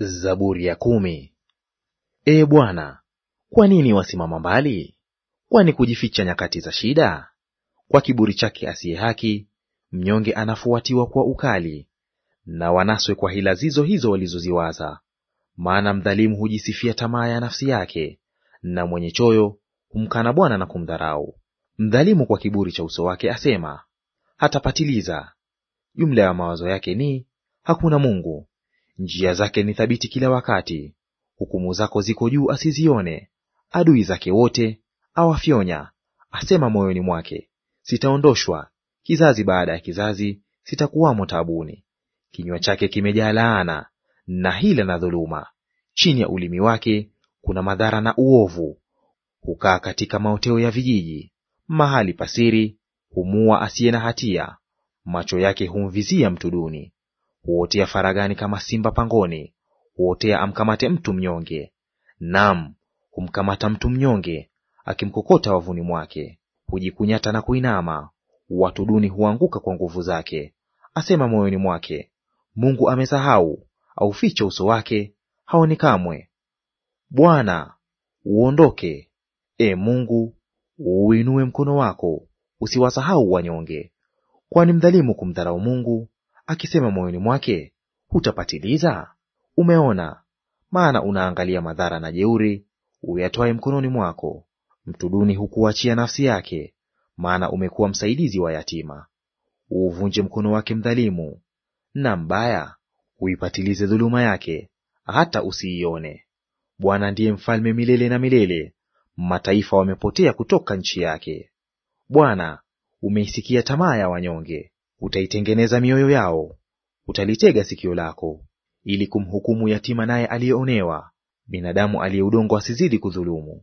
Zaburi ya kumi. E Bwana, kwa nini wasimama mbali? Kwani kujificha nyakati za shida? Kwa kiburi chake asiye haki, mnyonge anafuatiwa kwa ukali, na wanaswe kwa hila zizo hizo walizoziwaza. Maana mdhalimu hujisifia tamaa ya nafsi yake, na mwenye choyo humkana Bwana na kumdharau. Mdhalimu kwa kiburi cha uso wake asema, hatapatiliza. Jumla ya mawazo yake ni hakuna Mungu. Njia zake ni thabiti kila wakati. Hukumu zako ziko juu asizione. Adui zake wote awafyonya. Asema moyoni mwake, sitaondoshwa. Kizazi baada ya kizazi sitakuwamo taabuni. Kinywa chake kimejaa laana na hila na dhuluma. Chini ya ulimi wake kuna madhara na uovu. Hukaa katika maoteo ya vijiji, mahali pasiri humua asiye na hatia. Macho yake humvizia mtu duni huotea faragani kama simba pangoni, huotea amkamate mtu mnyonge; nam humkamata mtu mnyonge akimkokota wavuni mwake. Hujikunyata na kuinama, watu duni huanguka kwa nguvu zake. Asema moyoni mwake, Mungu amesahau, aufiche uso wake, haoni kamwe. Bwana, uondoke; e Mungu, uuinue mkono wako, usiwasahau wanyonge. Kwani mdhalimu kumdharau Mungu akisema moyoni mwake, hutapatiliza? Umeona, maana unaangalia madhara na jeuri uyatwaye mkononi mwako. Mtu duni hukuachia nafsi yake, maana umekuwa msaidizi wa yatima. Uuvunje mkono wake mdhalimu, na mbaya uipatilize dhuluma yake, hata usiione. Bwana ndiye mfalme milele na milele, mataifa wamepotea kutoka nchi yake. Bwana, umeisikia tamaa ya wanyonge, Utaitengeneza mioyo yao, utalitega sikio lako, ili kumhukumu yatima naye aliyeonewa, binadamu aliye udongo asizidi kudhulumu.